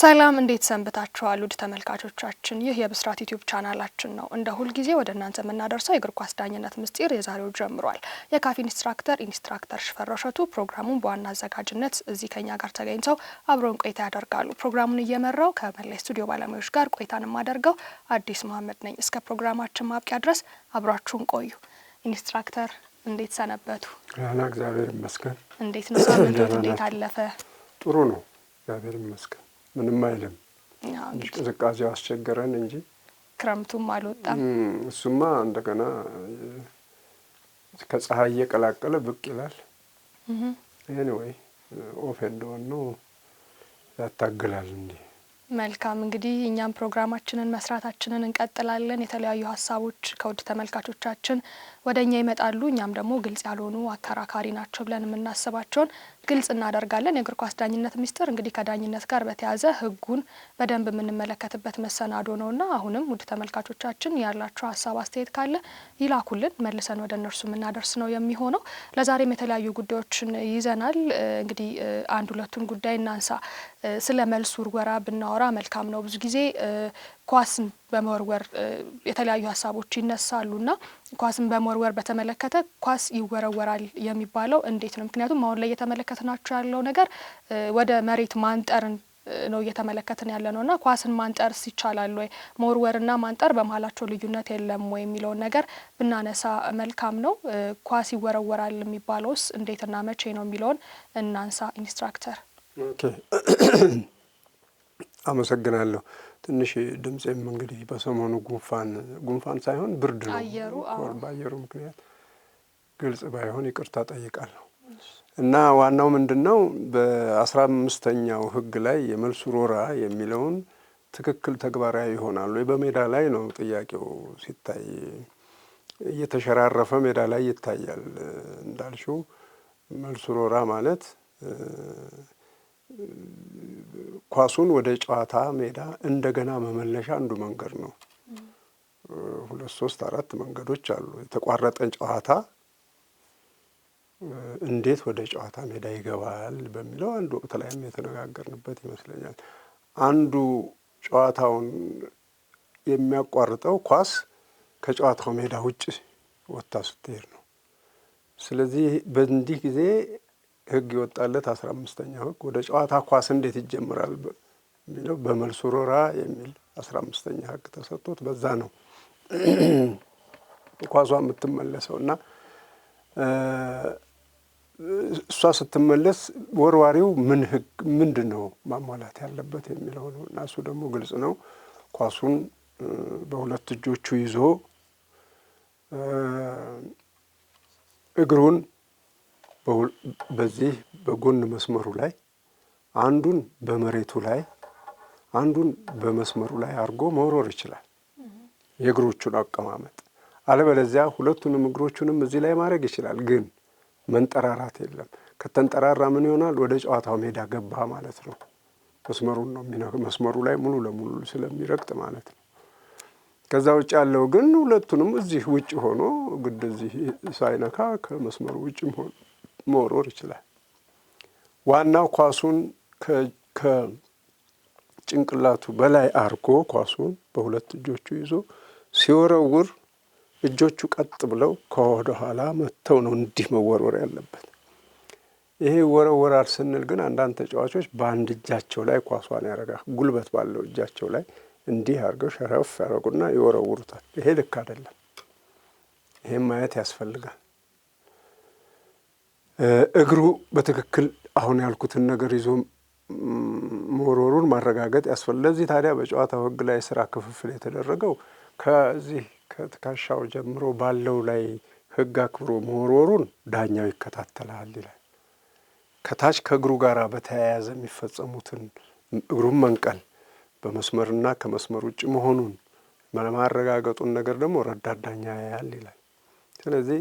ሰላም እንዴት ሰንብታችኋል? ውድ ተመልካቾቻችን ይህ የብስራት ዩቲዩብ ቻናላችን ነው። እንደ ሁልጊዜ ወደ እናንተ የምናደርሰው የእግር ኳስ ዳኝነት ምስጢር የዛሬው ጀምሯል። የካፍ ኢንስትራክተር ኢንስትራክተር ሽፈረሸቱ ፕሮግራሙን በዋና አዘጋጅነት እዚህ ከኛ ጋር ተገኝተው አብረውን ቆይታ ያደርጋሉ። ፕሮግራሙን እየመራው ከመላይ ስቱዲዮ ባለሙያዎች ጋር ቆይታን የማደርገው አዲስ መሀመድ ነኝ። እስከ ፕሮግራማችን ማብቂያ ድረስ አብሯችሁን ቆዩ። ኢንስትራክተር እንዴት ሰነበቱ? እግዚአብሔር ይመስገን። እንዴት ነው ሳምንቱ? እንዴት አለፈ? ጥሩ ነው፣ እግዚአብሔር ይመስገን። ምንም አይልም። ትንሽ ቅዝቃዜው አስቸገረን እንጂ ክረምቱም አልወጣም። እሱማ እንደገና ከፀሐይ እየቀላቀለ ብቅ ይላል። ኤኒዌይ ኦፍ ኤንድ ነው ያታግላል። እንዲህ መልካም እንግዲህ እኛም ፕሮግራማችንን መስራታችንን እንቀጥላለን። የተለያዩ ሀሳቦች ከውድ ተመልካቾቻችን ወደ እኛ ይመጣሉ። እኛም ደግሞ ግልጽ ያልሆኑ አከራካሪ ናቸው ብለን የምናስባቸውን ግልጽ እናደርጋለን። የእግር ኳስ ዳኝነት ሚኒስቴር እንግዲህ ከዳኝነት ጋር በተያያዘ ህጉን በደንብ የምንመለከትበት መሰናዶ ነው ና አሁንም ውድ ተመልካቾቻችን ያላቸው ሀሳብ አስተያየት ካለ ይላኩልን፣ መልሰን ወደ እነርሱ የምናደርስ ነው የሚሆነው። ለዛሬም የተለያዩ ጉዳዮችን ይዘናል። እንግዲህ አንድ ሁለቱን ጉዳይ እናንሳ። ስለ መልስ ውርወራ ብናወራ መልካም ነው። ብዙ ጊዜ ኳስን በመወርወር የተለያዩ ሀሳቦች ይነሳሉ እና ኳስን በመወርወር በተመለከተ ኳስ ይወረወራል የሚባለው እንዴት ነው? ምክንያቱም አሁን ላይ እየተመለከትናቸው ያለው ነገር ወደ መሬት ማንጠርን ነው እየተመለከትን ያለ ነው እና ኳስን ማንጠርስ ይቻላል ወይ መወርወርና ማንጠር በመሀላቸው ልዩነት የለም ወይ የሚለውን ነገር ብናነሳ መልካም ነው። ኳስ ይወረወራል የሚባለውስ እንዴትና መቼ ነው የሚለውን እናንሳ። ኢንስትራክተር አመሰግናለሁ። ትንሽ ድምፄም እንግዲህ በሰሞኑ ጉንፋን ጉንፋን ሳይሆን ብርድ ነው በአየሩ ምክንያት ግልጽ ባይሆን ይቅርታ ጠይቃለሁ። እና ዋናው ምንድን ነው በአስራ አምስተኛው ህግ ላይ የመልሱ ሮራ የሚለውን ትክክል ተግባራዊ ይሆናሉ ወይ በሜዳ ላይ ነው ጥያቄው ሲታይ እየተሸራረፈ ሜዳ ላይ ይታያል። እንዳልሽው መልሱ ሮራ ማለት ኳሱን ወደ ጨዋታ ሜዳ እንደገና መመለሻ አንዱ መንገድ ነው። ሁለት ሶስት አራት መንገዶች አሉ። የተቋረጠን ጨዋታ እንዴት ወደ ጨዋታ ሜዳ ይገባል በሚለው አንድ ወቅት ላይም የተነጋገርንበት ይመስለኛል። አንዱ ጨዋታውን የሚያቋርጠው ኳስ ከጨዋታው ሜዳ ውጭ ወጥታ ስትሄድ ነው። ስለዚህ በእንዲህ ጊዜ ህግ የወጣለት አስራ አምስተኛው ህግ ወደ ጨዋታ ኳስ እንዴት ይጀምራል የሚለው በመልሱ ሮራ የሚል አስራ አምስተኛ ህግ ተሰጥቶት በዛ ነው ኳሷ የምትመለሰው እና እሷ ስትመለስ ወርዋሪው ምን ህግ ምንድን ነው ማሟላት ያለበት የሚለው ነው እና እሱ ደግሞ ግልጽ ነው። ኳሱን በሁለት እጆቹ ይዞ እግሩን በዚህ በጎን መስመሩ ላይ አንዱን በመሬቱ ላይ አንዱን በመስመሩ ላይ አድርጎ መውረር ይችላል፣ የእግሮቹን አቀማመጥ። አለበለዚያ ሁለቱንም እግሮቹንም እዚህ ላይ ማድረግ ይችላል፣ ግን መንጠራራት የለም። ከተንጠራራ ምን ይሆናል? ወደ ጨዋታው ሜዳ ገባ ማለት ነው። መስመሩን ነው መስመሩ ላይ ሙሉ ለሙሉ ስለሚረግጥ ማለት ነው። ከዛ ውጭ ያለው ግን ሁለቱንም እዚህ ውጭ ሆኖ ግድ እዚህ ሳይነካ ከመስመሩ ውጭም ሆኖ መወርወር ይችላል። ዋናው ኳሱን ከጭንቅላቱ በላይ አርጎ ኳሱን በሁለት እጆቹ ይዞ ሲወረውር እጆቹ ቀጥ ብለው ከወደ ኋላ መጥተው ነው እንዲህ መወርወር ያለበት። ይሄ ወረወራል ስንል ግን አንዳንድ ተጫዋቾች በአንድ እጃቸው ላይ ኳሷን ያረጋ ጉልበት ባለው እጃቸው ላይ እንዲህ አድርገው ሸረፍ ያረጉና ይወረውሩታል። ይሄ ልክ አይደለም። ይሄም ማየት ያስፈልጋል። እግሩ በትክክል አሁን ያልኩትን ነገር ይዞ መወርወሩን ማረጋገጥ ያስፈልጋል። ለዚህ ታዲያ በጨዋታው ሕግ ላይ የስራ ክፍፍል የተደረገው ከዚህ ከትከሻው ጀምሮ ባለው ላይ ሕግ አክብሮ መወርወሩን ዳኛው ይከታተላል ይላል። ከታች ከእግሩ ጋር በተያያዘ የሚፈጸሙትን እግሩን መንቀል በመስመርና ከመስመር ውጭ መሆኑን ማረጋገጡን ነገር ደግሞ ረዳት ዳኛ ያያል ይላል። ስለዚህ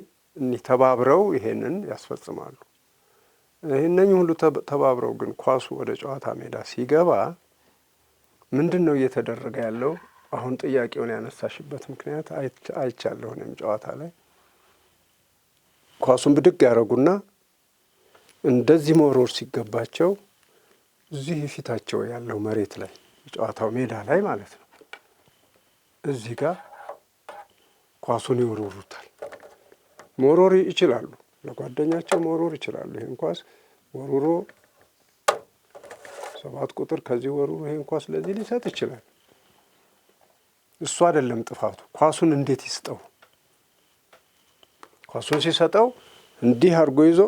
ተባብረው ይሄንን ያስፈጽማሉ። እነኚህ ሁሉ ተባብረው ግን ኳሱ ወደ ጨዋታ ሜዳ ሲገባ ምንድን ነው እየተደረገ ያለው? አሁን ጥያቄውን ያነሳሽበት ምክንያት አይቻለሁ። እኔም ጨዋታ ላይ ኳሱን ብድግ ያደረጉና እንደዚህ መወርወር ሲገባቸው እዚህ የፊታቸው ያለው መሬት ላይ ጨዋታው ሜዳ ላይ ማለት ነው እዚህ ጋር ኳሱን ይወረውሩታል። መሮር ይችላሉ። ለጓደኛቸው መሮር ይችላሉ። ይህን ኳስ ወሩሮ ሰባት ቁጥር ከዚህ ወሩሮ ይህን ኳስ ለዚህ ሊሰጥ ይችላል። እሱ አይደለም ጥፋቱ። ኳሱን እንዴት ይስጠው? ኳሱን ሲሰጠው እንዲህ አድርጎ ይዞ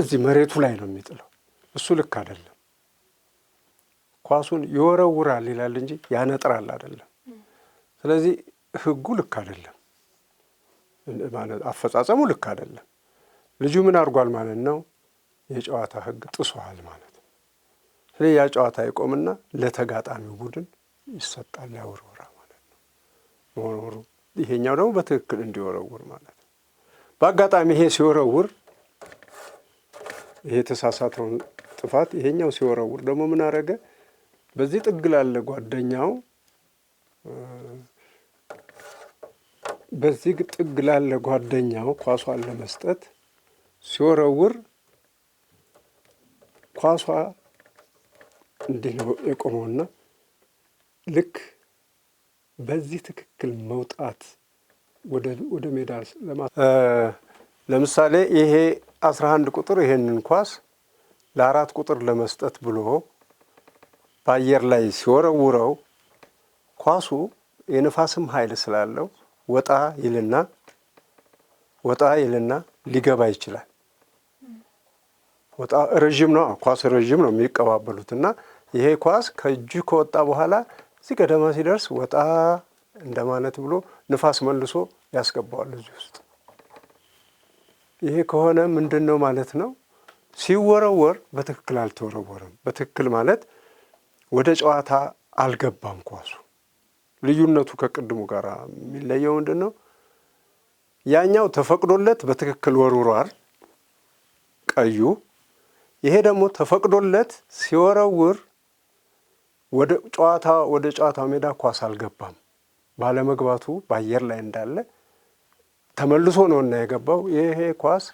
እዚህ መሬቱ ላይ ነው የሚጥለው። እሱ ልክ አይደለም። ኳሱን ይወረውራል ይላል እንጂ ያነጥራል አይደለም። ስለዚህ ህጉ ልክ አይደለም። ማለት አፈጻጸሙ ልክ አይደለም። ልጁ ምን አድርጓል ማለት ነው? የጨዋታ ህግ ጥሷል ማለት ነው። ስለዚህ ያ ጨዋታ ይቆምና ለተጋጣሚው ቡድን ይሰጣል፣ ያውርውራ ማለት ነው። መወርወሩ ይሄኛው ደግሞ በትክክል እንዲወረውር ማለት ነው። በአጋጣሚ ይሄ ሲወረውር ይሄ የተሳሳተውን ጥፋት ይሄኛው ሲወረውር ደግሞ ምን አረገ? በዚህ ጥግ ላለ ጓደኛው በዚህ ጥግ ላለ ጓደኛው ኳሷን ለመስጠት ሲወረውር ኳሷ እንዲህ ነው የቆመውና ልክ በዚህ ትክክል መውጣት ወደ ሜዳ ለምሳሌ ይሄ አስራ አንድ ቁጥር ይሄንን ኳስ ለአራት ቁጥር ለመስጠት ብሎ በአየር ላይ ሲወረውረው ኳሱ የንፋስም ኃይል ስላለው ወጣ ይልና ወጣ ይልና ሊገባ ይችላል። ወጣ ረዥም ነው፣ ኳስ ረዥም ነው የሚቀባበሉት እና ይሄ ኳስ ከእጁ ከወጣ በኋላ እዚህ ገደማ ሲደርስ ወጣ እንደማለት ብሎ ንፋስ መልሶ ያስገባዋል እዚህ ውስጥ። ይሄ ከሆነ ምንድን ነው ማለት ነው? ሲወረወር በትክክል አልተወረወረም። በትክክል ማለት ወደ ጨዋታ አልገባም ኳሱ ልዩነቱ ከቅድሙ ጋር የሚለየው ምንድን ነው? ያኛው ተፈቅዶለት በትክክል ወርውሯል ቀዩ። ይሄ ደግሞ ተፈቅዶለት ሲወረውር ወደ ጨዋታ ወደ ጨዋታው ሜዳ ኳስ አልገባም። ባለመግባቱ በአየር ላይ እንዳለ ተመልሶ ነው እና የገባው ይሄ ኳስ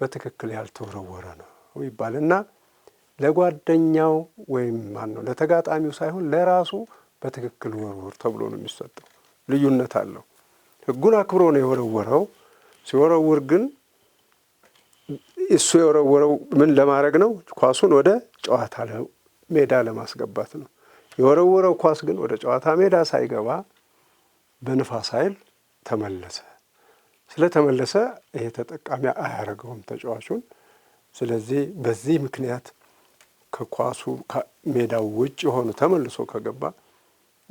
በትክክል ያልተወረወረ ነው እና ለጓደኛው ወይም ማን ነው ለተጋጣሚው ሳይሆን ለራሱ በትክክል ወርውር ተብሎ ነው የሚሰጠው። ልዩነት አለው። ህጉን አክብሮ ነው የወረወረው። ሲወረውር ግን እሱ የወረወረው ምን ለማድረግ ነው? ኳሱን ወደ ጨዋታ ሜዳ ለማስገባት ነው። የወረወረው ኳስ ግን ወደ ጨዋታ ሜዳ ሳይገባ በንፋስ ኃይል ተመለሰ። ስለተመለሰ ይሄ ተጠቃሚ አያደረገውም ተጫዋቹን። ስለዚህ በዚህ ምክንያት ከኳሱ ሜዳው ውጭ የሆኑ ተመልሶ ከገባ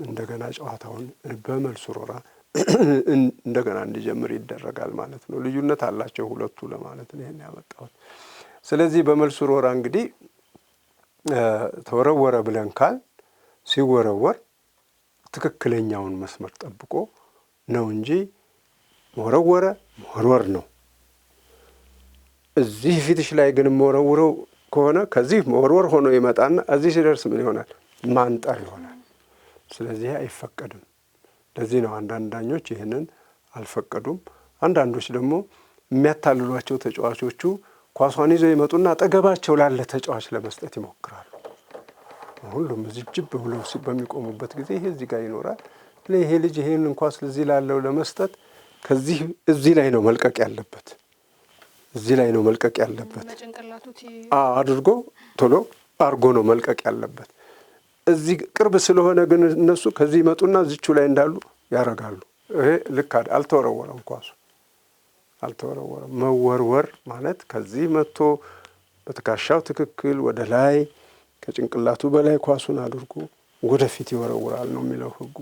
እንደገና ጨዋታውን በመልሱ ሮራ እንደገና እንዲጀምር ይደረጋል ማለት ነው። ልዩነት አላቸው ሁለቱ ለማለት ነው ይህን ያመጣሁት። ስለዚህ በመልሱ ሮራ እንግዲህ ተወረወረ ብለን ካል ሲወረወር ትክክለኛውን መስመር ጠብቆ ነው እንጂ መወረወረ መወርወር ነው። እዚህ ፊትሽ ላይ ግን መወረውረው ከሆነ ከዚህ መወርወር ሆኖ ይመጣና እዚህ ሲደርስ ምን ይሆናል? ማንጠር ይሆናል። ስለዚህ አይፈቀድም። ለዚህ ነው አንዳንዳኞች ይህንን አልፈቀዱም። አንዳንዶች ደግሞ የሚያታልሏቸው ተጫዋቾቹ ኳሷን ይዘው ይመጡና አጠገባቸው ላለ ተጫዋች ለመስጠት ይሞክራሉ። ሁሉም ጅብ ብለው በሚቆሙበት ጊዜ ይሄ እዚህ ጋር ይኖራል። ይሄ ልጅ ይሄንን ኳስ እዚህ ላለው ለመስጠት ከዚህ እዚህ ላይ ነው መልቀቅ ያለበት፣ እዚህ ላይ ነው መልቀቅ ያለበት አድርጎ ቶሎ አድርጎ ነው መልቀቅ ያለበት። እዚህ ቅርብ ስለሆነ ግን እነሱ ከዚህ ይመጡና እዚቹ ላይ እንዳሉ ያረጋሉ። ይሄ ልክ አልተወረወረም፣ ኳሱ አልተወረወረም። መወርወር ማለት ከዚህ መጥቶ በትከሻው ትክክል ወደ ላይ ከጭንቅላቱ በላይ ኳሱን አድርጎ ወደፊት ይወረውራል ነው የሚለው ህጉ።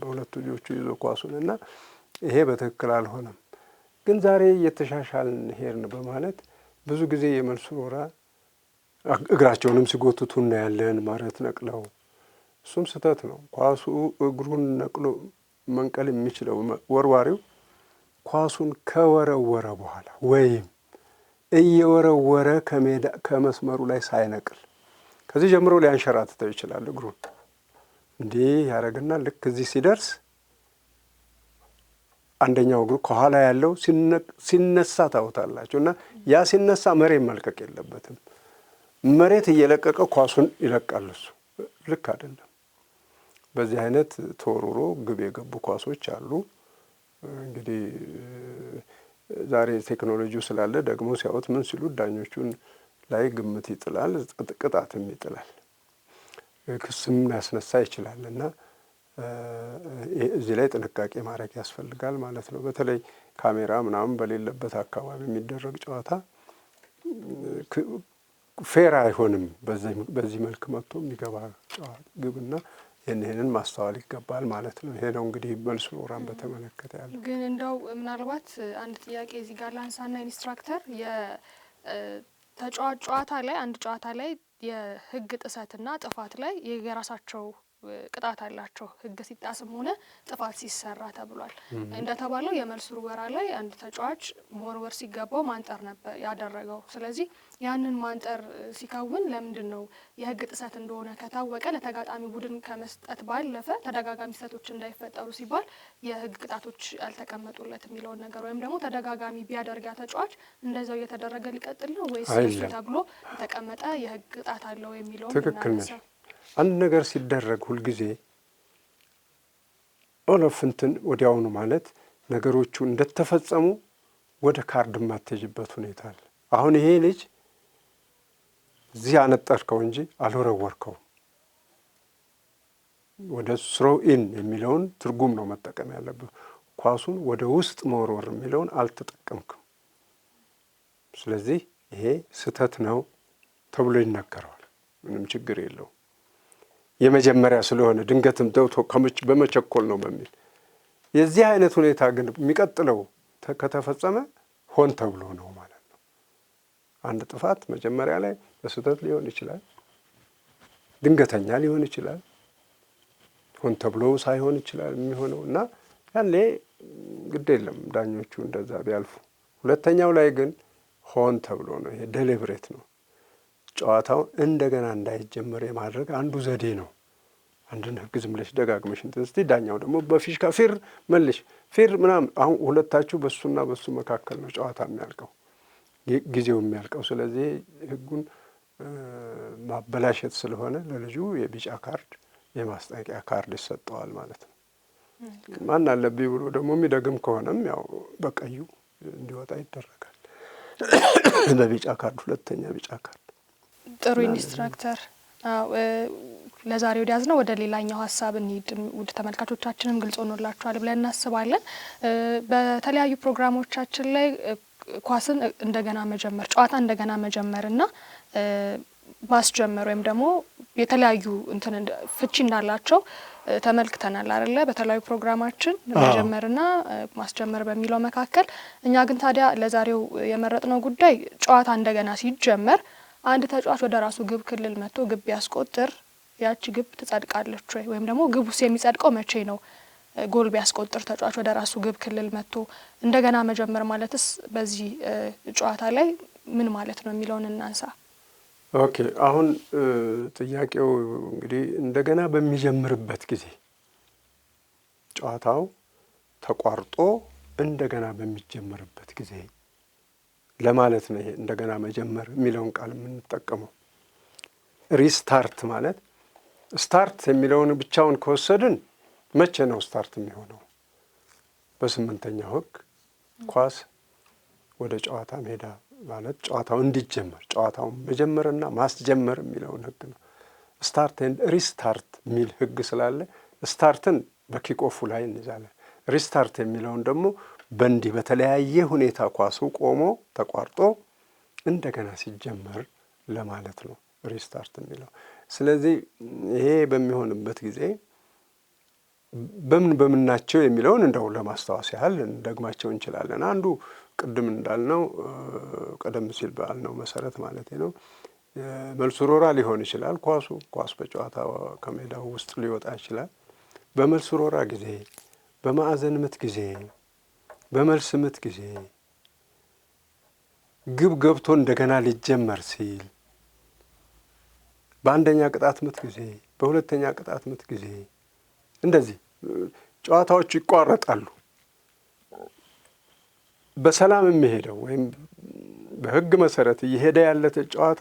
በሁለቱ እጆቹ ይዞ ኳሱን እና ይሄ በትክክል አልሆነም። ግን ዛሬ እየተሻሻልን ሄድን በማለት ብዙ ጊዜ የመልሱ ወራ እግራቸውንም ሲጎትቱ እናያለን ማለት ነቅለው። እሱም ስህተት ነው። ኳሱ እግሩን ነቅሎ መንቀል የሚችለው ወርዋሪው ኳሱን ከወረወረ በኋላ ወይም እየወረወረ ከሜዳ ከመስመሩ ላይ ሳይነቅል ከዚህ ጀምሮ ሊያንሸራትተው ይችላል። እግሩን እንዲህ ያደረግና ልክ እዚህ ሲደርስ አንደኛው እግሩ ከኋላ ያለው ሲነሳ ታውታላቸው እና ያ ሲነሳ መሬት መልቀቅ የለበትም። መሬት እየለቀቀ ኳሱን ይለቃል። እሱ ልክ አይደለም። በዚህ አይነት ተወሩሮ ግብ የገቡ ኳሶች አሉ። እንግዲህ ዛሬ ቴክኖሎጂው ስላለ ደግሞ ሲያዩት ምን ሲሉ ዳኞቹን ላይ ግምት ይጥላል፣ ቅጣትም ይጥላል፣ ክስም ሊያስነሳ ይችላል እና እዚህ ላይ ጥንቃቄ ማድረግ ያስፈልጋል ማለት ነው። በተለይ ካሜራ ምናምን በሌለበት አካባቢ የሚደረግ ጨዋታ ፌር አይሆንም። በዚህ መልክ መጥቶ የሚገባ ግብና ይህንን ማስተዋል ይገባል ማለት ነው። ይሄ ነው እንግዲህ መልሱ ሎራን በተመለከተ ያለ ግን እንደው ምናልባት አንድ ጥያቄ እዚህ ጋር ላንሳና ኢንስትራክተር ተጫዋች ጨዋታ ላይ አንድ ጨዋታ ላይ የህግ ጥሰትና ጥፋት ላይ የራሳቸው ቅጣት አላቸው ህግ ሲጣስም ሆነ ጥፋት ሲሰራ ተብሏል። እንደተባለው የመልስ ውርወራ ላይ አንድ ተጫዋች መወርወር ሲገባው ማንጠር ነበር ያደረገው። ስለዚህ ያንን ማንጠር ሲከውን ለምንድን ነው የህግ ጥሰት እንደሆነ ከታወቀ ለተጋጣሚ ቡድን ከመስጠት ባለፈ ተደጋጋሚ ስህተቶች እንዳይፈጠሩ ሲባል የህግ ቅጣቶች ያልተቀመጡለት የሚለውን ነገር ወይም ደግሞ ተደጋጋሚ ቢያደርግ ያ ተጫዋች እንደዛው እየተደረገ ሊቀጥል ነው ወይስ ተብሎ የተቀመጠ የህግ ቅጣት አለው የሚለውን ትክክል አንድ ነገር ሲደረግ ሁልጊዜ ኦለፍንትን ወዲያውኑ ማለት ነገሮቹ እንደተፈጸሙ ወደ ካርድ የማትሄጅበት ሁኔታ አለ። አሁን ይሄ ልጅ እዚህ አነጠርከው እንጂ አልወረወርከውም። ወደ ስሮ ኢን የሚለውን ትርጉም ነው መጠቀም ያለብህ። ኳሱን ወደ ውስጥ መወርወር የሚለውን አልተጠቀምክም። ስለዚህ ይሄ ስህተት ነው ተብሎ ይነገረዋል። ምንም ችግር የለው የመጀመሪያ ስለሆነ ድንገትም ደውቶ በመቸኮል ነው በሚል የዚህ አይነት ሁኔታ ግን የሚቀጥለው ከተፈጸመ ሆን ተብሎ ነው ማለት ነው። አንድ ጥፋት መጀመሪያ ላይ በስህተት ሊሆን ይችላል፣ ድንገተኛ ሊሆን ይችላል፣ ሆን ተብሎ ሳይሆን ይችላል የሚሆነው እና ያኔ ግድ የለም ዳኞቹ እንደዛ ቢያልፉ። ሁለተኛው ላይ ግን ሆን ተብሎ ነው፣ ይሄ ደሊብሬት ነው። ጨዋታው እንደገና እንዳይጀመር የማድረግ አንዱ ዘዴ ነው። አንድን ህግ ዝም ብለሽ ደጋግመሽ እንትን ስትይ ዳኛው ደግሞ በፊሽካ ፊር መልሽ ፊር ምናምን። አሁን ሁለታችሁ በሱና በሱ መካከል ነው ጨዋታ የሚያልቀው ጊዜው የሚያልቀው። ስለዚህ ህጉን ማበላሸት ስለሆነ ለልጁ የቢጫ ካርድ የማስጠንቀቂያ ካርድ ይሰጠዋል ማለት ነው። ማን አለብኝ ብሎ ደግሞ የሚደግም ከሆነም ያው በቀዩ እንዲወጣ ይደረጋል። በቢጫ ካርድ ሁለተኛ ቢጫ ካርድ ጥሩ ኢንስትራክተር። ለዛሬ ወዲያዝ ነው። ወደ ሌላኛው ሀሳብ እንሂድ። ውድ ተመልካቾቻችንም ግልጽ ሆኖላችኋል ብለን እናስባለን። በተለያዩ ፕሮግራሞቻችን ላይ ኳስን እንደገና መጀመር ጨዋታ እንደገና መጀመርና ማስጀመር ወይም ደግሞ የተለያዩ እንትን ፍቺ እንዳላቸው ተመልክተናል አይደለ? በተለያዩ ፕሮግራማችን መጀመርና ማስጀመር በሚለው መካከል እኛ ግን ታዲያ ለዛሬው የመረጥነው ጉዳይ ጨዋታ እንደገና ሲጀመር አንድ ተጫዋች ወደ ራሱ ግብ ክልል መጥቶ ግብ ቢያስቆጥር ያቺ ግብ ትጸድቃለች ወይ? ወይም ደግሞ ግብ ውስጥ የሚጸድቀው መቼ ነው? ጎል ቢያስቆጥር ተጫዋች ወደ ራሱ ግብ ክልል መጥቶ እንደገና መጀመር ማለትስ በዚህ ጨዋታ ላይ ምን ማለት ነው የሚለውን እናንሳ። ኦኬ አሁን ጥያቄው እንግዲህ እንደገና በሚጀምርበት ጊዜ ጨዋታው ተቋርጦ እንደገና በሚጀምርበት ጊዜ ለማለት ነው። ይሄ እንደገና መጀመር የሚለውን ቃል የምንጠቀመው ሪስታርት ማለት ስታርት የሚለውን ብቻውን ከወሰድን መቼ ነው ስታርት የሚሆነው? በስምንተኛው ሕግ ኳስ ወደ ጨዋታ ሜዳ ማለት ጨዋታው እንዲጀመር ጨዋታውን መጀመርና ማስጀመር የሚለውን ሕግ ነው። ስታርት ኤንድ ሪስታርት የሚል ሕግ ስላለ ስታርትን በኪቆፉ ላይ እንይዛለን። ሪስታርት የሚለውን ደግሞ በእንዲህ በተለያየ ሁኔታ ኳሱ ቆሞ ተቋርጦ እንደገና ሲጀመር ለማለት ነው ሪስታርት የሚለው። ስለዚህ ይሄ በሚሆንበት ጊዜ በምን በምን ናቸው የሚለውን እንደው ለማስታወስ ያህል እንደግማቸው እንችላለን። አንዱ ቅድም እንዳልነው ቀደም ሲል ባልነው መሰረት ማለት ነው መልሱ ሮራ ሊሆን ይችላል። ኳሱ ኳስ በጨዋታ ከሜዳው ውስጥ ሊወጣ ይችላል። በመልሱ ሮራ ጊዜ በማዕዘን ምት ጊዜ፣ በመልስ ምት ጊዜ ግብ ገብቶ እንደገና ሊጀመር ሲል በአንደኛ ቅጣት ምት ጊዜ፣ በሁለተኛ ቅጣት ምት ጊዜ እንደዚህ ጨዋታዎቹ ይቋረጣሉ። በሰላም የሚሄደው ወይም በሕግ መሰረት እየሄደ ያለ ጨዋታ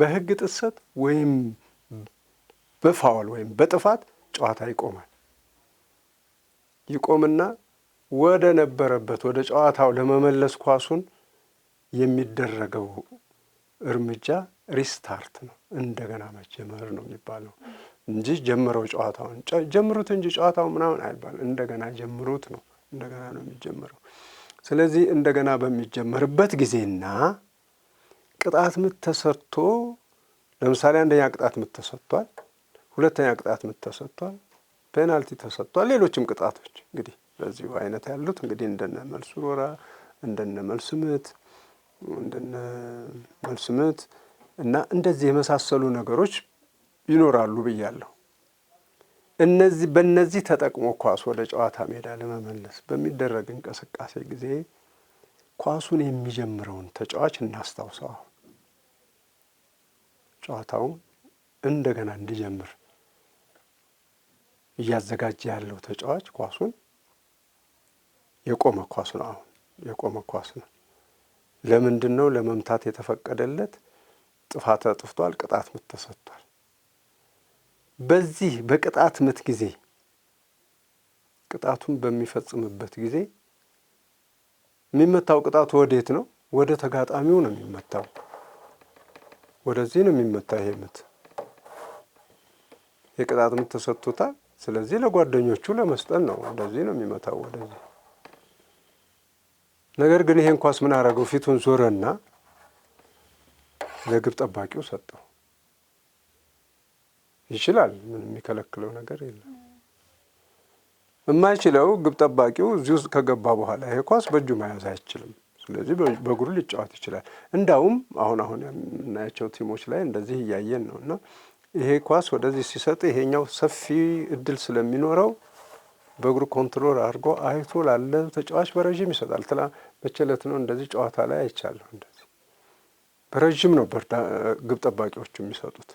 በሕግ ጥሰት ወይም በፋውል ወይም በጥፋት ጨዋታ ይቆማል። ይቆምና ወደ ነበረበት ወደ ጨዋታው ለመመለስ ኳሱን የሚደረገው እርምጃ ሪስታርት ነው፣ እንደገና መጀመር ነው የሚባለው እንጂ ጀምረው ጨዋታውን ጀምሩት እንጂ ጨዋታው ምናምን አይባል፣ እንደገና ጀምሩት ነው፣ እንደገና ነው የሚጀመረው። ስለዚህ እንደገና በሚጀመርበት ጊዜና ቅጣት ምት ተሰጥቶ ለምሳሌ አንደኛ ቅጣት ምት ተሰጥቷል፣ ሁለተኛ ቅጣት ምት ተሰጥቷል፣ ፔናልቲ ተሰጥቷል። ሌሎችም ቅጣቶች እንግዲህ በዚሁ አይነት ያሉት እንግዲህ እንደነ መልሱ ሮራ እንደነ መልሱ ምት እንደነ መልሱ ምት እና እንደዚህ የመሳሰሉ ነገሮች ይኖራሉ ብያለሁ። እነዚህ በእነዚህ ተጠቅሞ ኳስ ወደ ጨዋታ ሜዳ ለመመለስ በሚደረግ እንቅስቃሴ ጊዜ ኳሱን የሚጀምረውን ተጫዋች እናስታውሰዋል ጨዋታውን እንደገና እንዲጀምር እያዘጋጀ ያለው ተጫዋች ኳሱን የቆመ ኳስ ነው። አሁን የቆመ ኳስ ነው። ለምንድን ነው ለመምታት የተፈቀደለት? ጥፋት አጥፍቷል፣ ቅጣት ምት ተሰጥቷል። በዚህ በቅጣት ምት ጊዜ ቅጣቱን በሚፈጽምበት ጊዜ የሚመታው ቅጣት ወዴት ነው? ወደ ተጋጣሚው ነው የሚመታው። ወደዚህ ነው የሚመታው። ይሄ ምት የቅጣት ምት ተሰጥቶታል። ስለዚህ ለጓደኞቹ ለመስጠት ነው። እንደዚህ ነው የሚመታው ወደዚህ። ነገር ግን ይሄን ኳስ ምን አደረገው? ፊቱን ዞረና ለግብ ጠባቂው ሰጠው። ይችላል፣ ምን የሚከለክለው ነገር የለም። የማይችለው ግብ ጠባቂው እዚህ ውስጥ ከገባ በኋላ ይሄ ኳስ በእጁ መያዝ አይችልም። ስለዚህ በእግሩ ሊጫወት ይችላል። እንዳውም አሁን አሁን የምናያቸው ቲሞች ላይ እንደዚህ እያየን ነው እና ይሄ ኳስ ወደዚህ ሲሰጥ ይሄኛው ሰፊ እድል ስለሚኖረው በእግሩ ኮንትሮል አድርጎ አይቶ ላለ ተጫዋች በረዥም ይሰጣል። ትላ መቸለት ነው እንደዚህ ጨዋታ ላይ አይቻለሁ። እንደዚህ በረዥም ነው ግብ ጠባቂዎቹ የሚሰጡት።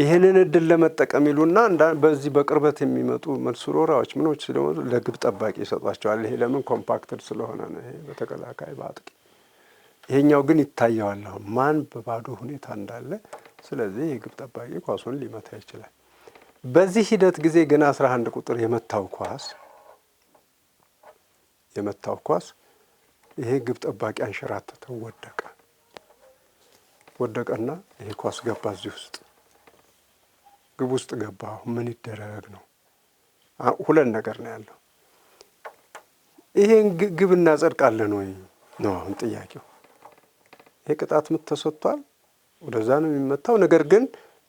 ይህንን እድል ለመጠቀም ይሉና በዚህ በቅርበት የሚመጡ መልሱ ሮራዎች ምኖች ስለሆኑ ለግብ ጠባቂ ይሰጧቸዋል። ይሄ ለምን ኮምፓክትድ ስለሆነ ነው። ይሄ በተከላካይ በአጥቂ ይሄኛው ግን ይታየዋል። አሁን ማን በባዶ ሁኔታ እንዳለ ስለዚህ የግብ ጠባቂ ኳሱን ሊመታ ይችላል። በዚህ ሂደት ጊዜ ግን አንድ ቁጥር የመታው ኳስ የመታው ኳስ ይሄ ግብ ጠባቂ አንሸራተተው ወደቀ ወደቀና ይሄ ኳስ ገባ እዚህ ውስጥ ግብ ውስጥ ገባ። ምን ይደረግ ነው? ሁለት ነገር ነው ያለው። ይሄን ግብ እናጸድቃለን ወይ ነው አሁን ጥያቄው። ይሄ ቅጣት ምት ተሰጥቷል። ወደዛ ነው የሚመታው። ነገር ግን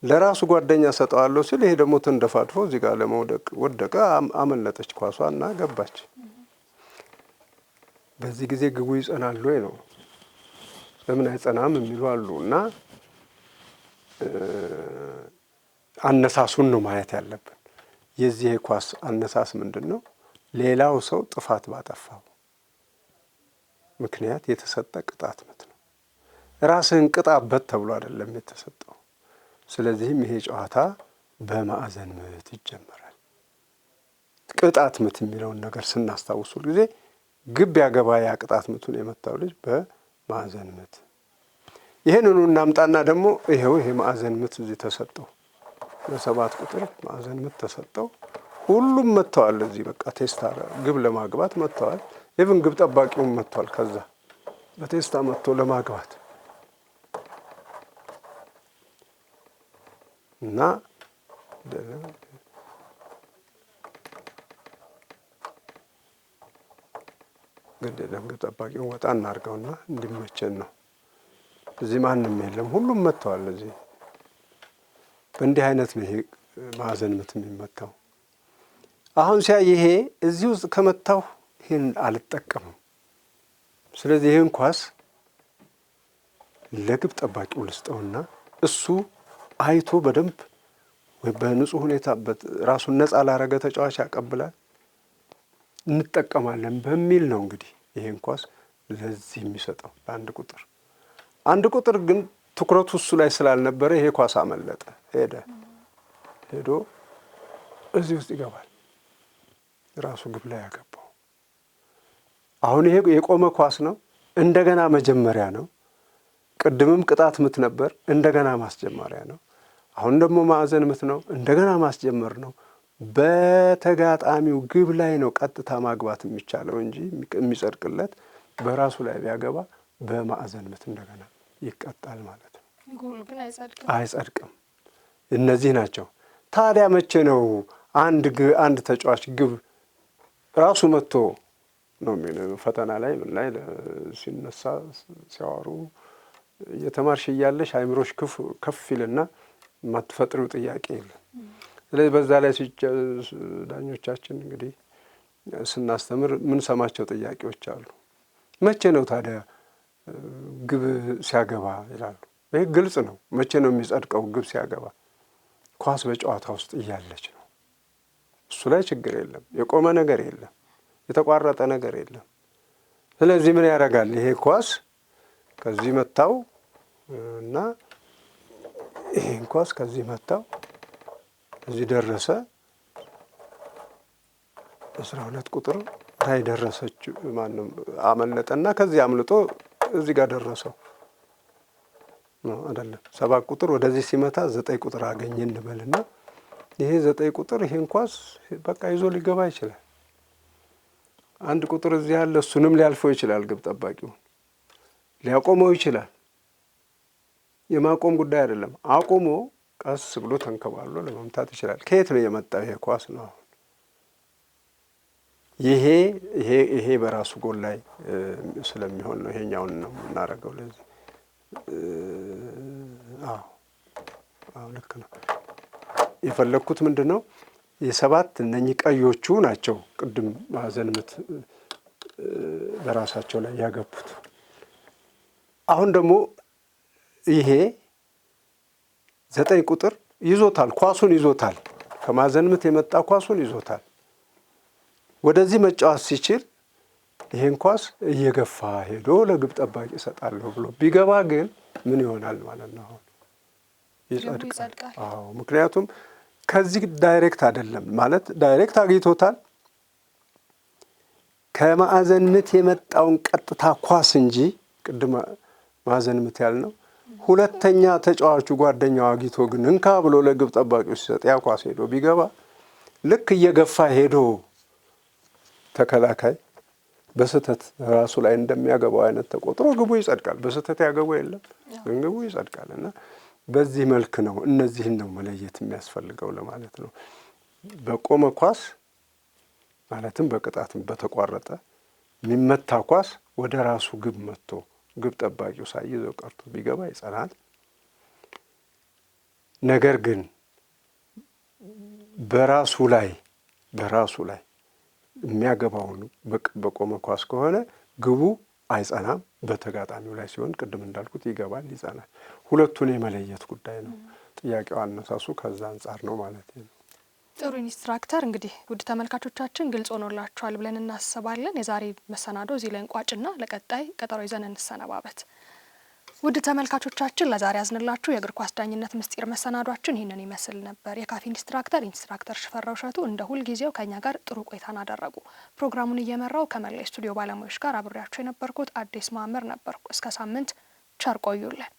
ለራሱ ጓደኛ ሰጠዋለሁ ሲል ይሄ ደግሞ ተንደፋድፎ እዚህ ጋር ለመውደቅ ወደቀ። አመለጠች ኳሷ እና ገባች። በዚህ ጊዜ ግቡ ይጸናል ወይ ነው ለምን አይጸናም የሚሉ አሉ። እና አነሳሱን ነው ማየት ያለብን። የዚህ ኳስ አነሳስ ምንድን ነው? ሌላው ሰው ጥፋት ባጠፋው ምክንያት የተሰጠ ቅጣት ምት ነው። ራስህን ቅጣበት ተብሎ አይደለም የተሰጠው። ስለዚህም ይሄ ጨዋታ በማዕዘን ምት ይጀመራል። ቅጣት ምት የሚለውን ነገር ስናስታውስ ጊዜ ግብ ያገባ ያ ቅጣት ምቱን የመታው ልጅ በማዕዘን ምት። ይህንኑ እናምጣና ደግሞ ይኸው ይሄ ማዕዘን ምት እዚህ ተሰጠው፣ በሰባት ቁጥር ማዕዘን ምት ተሰጠው። ሁሉም መጥተዋል። እዚህ በቃ ቴስታ ግብ ለማግባት መጥተዋል። ኢቭን ግብ ጠባቂውም መጥተዋል። ከዛ በቴስታ መጥቶ ለማግባት እና ግብ ጠባቂውን ወጣ እናድርገውና እንዲመቸን ነው። እዚህ ማንም የለም፣ ሁሉም መጥተዋል። እዚህ በእንዲህ አይነት ነው ይሄ ማዕዘን ምት የሚመታው። አሁን ሲያይ ይሄ እዚህ ውስጥ ከመታሁ ይህን አልጠቀምም። ስለዚህ ይህን ኳስ ለግብ ጠባቂው ልስጠውና እሱ አይቶ በደንብ በንጹህ ሁኔታ ራሱን ነፃ ላረገ ተጫዋች ያቀብላል፣ እንጠቀማለን በሚል ነው እንግዲህ ይሄን ኳስ ለዚህ የሚሰጠው ለአንድ ቁጥር። አንድ ቁጥር ግን ትኩረቱ እሱ ላይ ስላልነበረ ይሄ ኳስ አመለጠ፣ ሄደ ሄዶ እዚህ ውስጥ ይገባል፣ ራሱ ግብ ላይ ያገባው። አሁን ይሄ የቆመ ኳስ ነው፣ እንደገና መጀመሪያ ነው። ቅድምም ቅጣት ምት ነበር፣ እንደገና ማስጀመሪያ ነው። አሁን ደግሞ ማዕዘን ምት ነው፣ እንደገና ማስጀመር ነው። በተጋጣሚው ግብ ላይ ነው ቀጥታ ማግባት የሚቻለው እንጂ የሚጸድቅለት በራሱ ላይ ቢያገባ በማዕዘን ምት እንደገና ይቀጣል ማለት ነው፣ አይጸድቅም። እነዚህ ናቸው። ታዲያ መቼ ነው አንድ አንድ ተጫዋች ግብ ራሱ መጥቶ ነው ፈተና ላይ ምን ላይ ሲነሳ ሲያወሩ እየተማርሽ እያለሽ አይምሮሽ ከፍ ይልና የማትፈጥሪው ጥያቄ የለም። ስለዚህ በዛ ላይ ዳኞቻችን እንግዲህ ስናስተምር ሰማቸው ጥያቄዎች አሉ። መቼ ነው ታዲያ ግብ ሲያገባ ይላሉ። ይህ ግልጽ ነው። መቼ ነው የሚጸድቀው? ግብ ሲያገባ ኳስ በጨዋታ ውስጥ እያለች ነው። እሱ ላይ ችግር የለም። የቆመ ነገር የለም። የተቋረጠ ነገር የለም። ስለዚህ ምን ያደርጋል ይሄ ኳስ ከዚህ መታው እና ይሄን ኳስ ከዚህ መታው እዚህ ደረሰ። አስራ ሁለት ቁጥር ላይ ደረሰች። ማንም አመለጠና ከዚህ አምልጦ እዚህ ጋር ደረሰው አይደለም። ሰባት ቁጥር ወደዚህ ሲመታ ዘጠኝ ቁጥር አገኘ እንበልና ይሄ ዘጠኝ ቁጥር ይሄን ኳስ በቃ ይዞ ሊገባ ይችላል። አንድ ቁጥር እዚህ ያለ እሱንም ሊያልፈው ይችላል። ግብ ጠባቂውን ሊያቆመው ይችላል። የማቆም ጉዳይ አይደለም። አቁሞ ቀስ ብሎ ተንከባሎ ለመምታት ይችላል። ከየት ነው የመጣው ይሄ ኳስ ነው? አሁን ይሄ ይሄ ይሄ በራሱ ጎል ላይ ስለሚሆን ነው። ይሄኛውን ነው የምናደርገው። ለዚህ አዎ አዎ ልክ ነው። የፈለግኩት ምንድን ነው የሰባት እነኚህ ቀዮቹ ናቸው። ቅድም ማዕዘን ምት በራሳቸው ላይ ያገቡት። አሁን ደግሞ ይሄ ዘጠኝ ቁጥር ይዞታል፣ ኳሱን ይዞታል። ከማዕዘን ምት የመጣ ኳሱን ይዞታል። ወደዚህ መጫወት ሲችል ይሄን ኳስ እየገፋ ሄዶ ለግብ ጠባቂ ይሰጣለሁ ብሎ ቢገባ ግን ምን ይሆናል ማለት ነው? አሁን ይጸድቃል። አዎ ምክንያቱም ከዚህ ዳይሬክት አይደለም ማለት ዳይሬክት አግኝቶታል። ከማዕዘን ምት የመጣውን ቀጥታ ኳስ እንጂ ቅድመ ማዕዘን ምት ያልነው ሁለተኛ ተጫዋቹ ጓደኛው አጊቶ ግን እንካ ብሎ ለግብ ጠባቂው ሲሰጥ ያ ኳስ ሄዶ ቢገባ ልክ እየገፋ ሄዶ ተከላካይ በስህተት ራሱ ላይ እንደሚያገባው አይነት ተቆጥሮ ግቡ ይጸድቃል። በስህተት ያገቡ የለም ግን ግቡ ይጸድቃል። እና በዚህ መልክ ነው እነዚህን ነው መለየት የሚያስፈልገው ለማለት ነው። በቆመ ኳስ ማለትም በቅጣትም በተቋረጠ የሚመታ ኳስ ወደ ራሱ ግብ መጥቶ ግብ ጠባቂው ሳይዘው ቀርቶ ቢገባ ይጸናል። ነገር ግን በራሱ ላይ በራሱ ላይ የሚያገባውን በቆመ ኳስ ከሆነ ግቡ አይጸናም። በተጋጣሚው ላይ ሲሆን ቅድም እንዳልኩት ይገባል፣ ይጸናል። ሁለቱን የመለየት ጉዳይ ነው። ጥያቄው አነሳሱ ከዛ አንጻር ነው ማለት ነው። ጥሩ ኢንስትራክተር። እንግዲህ ውድ ተመልካቾቻችን ግልጽ ሆኖላችኋል ብለን እናስባለን። የዛሬ መሰናዶ እዚህ ላይ እንቋጭና ለቀጣይ ቀጠሮ ይዘን እንሰነባበት። ውድ ተመልካቾቻችን ለዛሬ ያዝንላችሁ የእግር ኳስ ዳኝነት ምስጢር መሰናዷችን ይህንን ይመስል ነበር። የካፊ ኢንስትራክተር ኢንስትራክተር ሽፈራው እሸቱ እንደ ሁልጊዜው ከእኛ ጋር ጥሩ ቆይታን አደረጉ። ፕሮግራሙን እየመራው ከመላ ስቱዲዮ ባለሙያዎች ጋር አብሬያቸው የነበርኩት አዲስ ማምር ነበርኩ። እስከ ሳምንት ቸር ቆዩልን።